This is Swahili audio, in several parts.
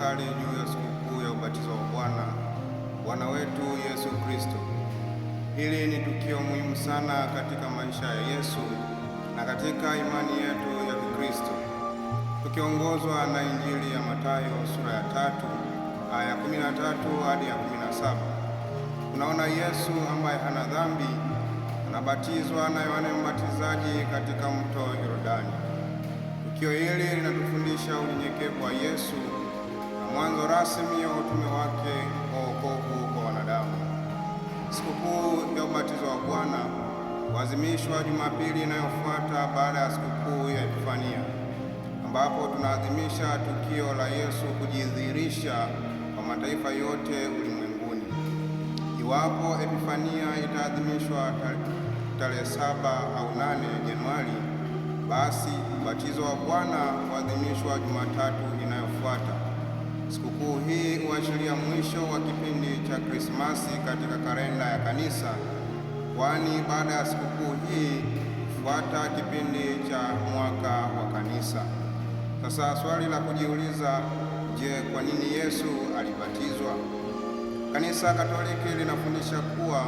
kutafakari juu ya sikukuu ya ubatizo wa Bwana Bwana wetu Yesu Kristo. Hili ni tukio muhimu sana katika maisha ya Yesu na katika imani yetu ya Kikristo, tukiongozwa na Injili ya Mathayo sura ya tatu aya ya kumi na tatu hadi ya kumi na saba tunaona Yesu ambaye hana dhambi anabatizwa na Yohane Mbatizaji katika mto Yordani. Tukio hili linatufundisha unyenyekevu wa Yesu mwanzo rasmi ya utume wake wa wokovu kwa wanadamu. Sikukuu ya ubatizo wa Bwana huadhimishwa Jumapili inayofuata baada ya sikukuu ya Epifania, ambapo tunaadhimisha tukio la Yesu kujidhihirisha kwa mataifa yote ulimwenguni. Iwapo Epifania itaadhimishwa tarehe saba au nane Januari, basi ubatizo wa Bwana huadhimishwa Jumatatu inayofuata. Sikukuu hii huashiria mwisho wa kipindi cha Krismasi katika kalenda ya Kanisa, kwani baada ya sikukuu hii hufuata kipindi cha mwaka wa Kanisa. Sasa swali la kujiuliza, je, kwa nini Yesu alibatizwa? Kanisa Katoliki linafundisha kuwa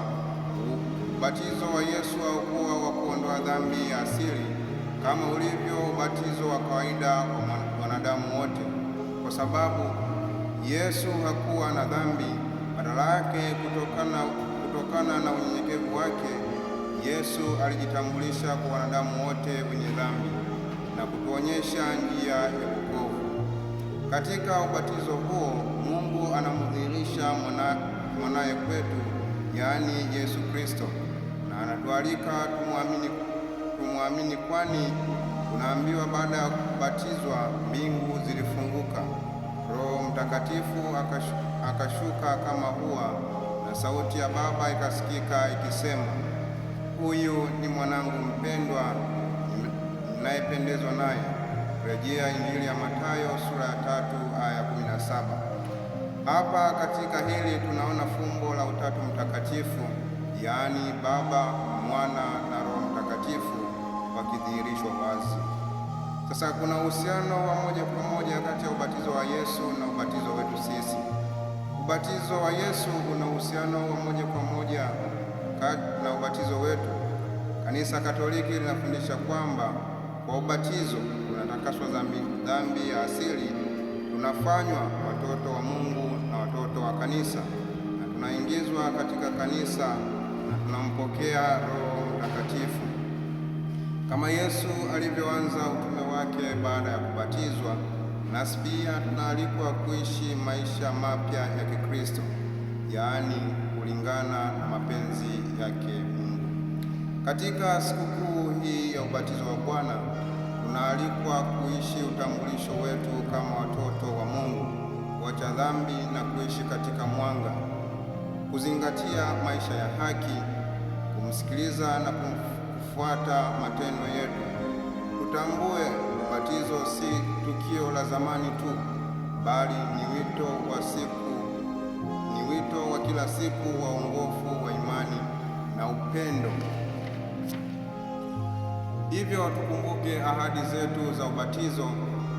ubatizo wa Yesu haukuwa wa kuondoa dhambi ya asili kama ulivyo ubatizo wa kawaida wa wanadamu wote, kwa sababu Yesu hakuwa na dhambi. Badala yake, kutokana, kutokana na unyenyekevu wake, Yesu alijitambulisha kwa wanadamu wote wenye dhambi na kutuonyesha njia ya wokovu. Katika ubatizo huo, Mungu anamdhihirisha mwanaye kwetu, yaani Yesu Kristo, na anatualika tumwamini, tumwamini kwani tunaambiwa baada ya kubatizwa mbingu zilifunguka. Mtakatifu akashuka kama hua, na sauti ya Baba ikasikika ikisema, huyu ni mwanangu mpendwa, mnayependezwa naye. Rejea Injili ya Mathayo sura ya tatu aya kumi na saba. Hapa katika hili tunaona fumbo la Utatu Mtakatifu, yaani Baba, Mwana na Roho Mtakatifu wakidhihirishwa wazi. Sasa kuna uhusiano wa moja kwa moja kati ya ubatizo wa Yesu na ubatizo wetu sisi. Ubatizo wa Yesu una uhusiano wa moja kwa moja na ubatizo wetu. Kanisa Katoliki linafundisha kwamba kwa ubatizo tunatakaswa dhambi ya asili, tunafanywa watoto wa Mungu na watoto wa kanisa, na tunaingizwa katika kanisa na tunampokea Roho kama Yesu alivyoanza utume wake baada ya kubatizwa, nasi pia tunaalikwa kuishi maisha mapya ya Kikristo, yaani kulingana na mapenzi yake Mungu. Katika sikukuu hii ya ubatizo wa Bwana tunaalikwa kuishi utambulisho wetu kama watoto wa Mungu, wacha dhambi na kuishi katika mwanga, kuzingatia maisha ya haki, kumsikiliza na kumfu kufuata matendo yetu. Utambue ubatizo si tukio la zamani tu, bali ni wito wa siku, ni wito wa kila siku wa uongofu wa imani na upendo. Hivyo tukumbuke ahadi zetu za ubatizo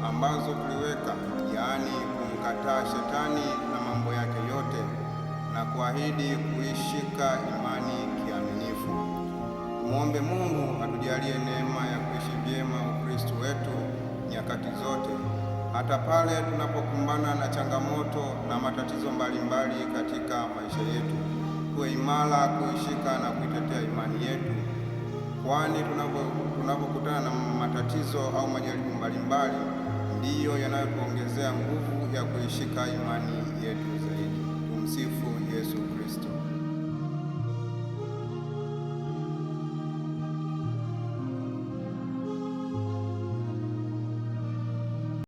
ambazo tuliweka, yaani kumkataa shetani na mambo yake yote na kuahidi kuishika imani Muombe Mungu atujalie neema ya kuishi vyema Ukristo wetu nyakati zote, hata pale tunapokumbana na changamoto na matatizo mbalimbali katika maisha yetu. Tuwe imara kuishika na kuitetea imani yetu, kwani tunapokutana na matatizo au majaribu mbalimbali ndiyo yanayotuongezea nguvu ya kuishika imani yetu zaidi. Tumsifu Yesu Kristo.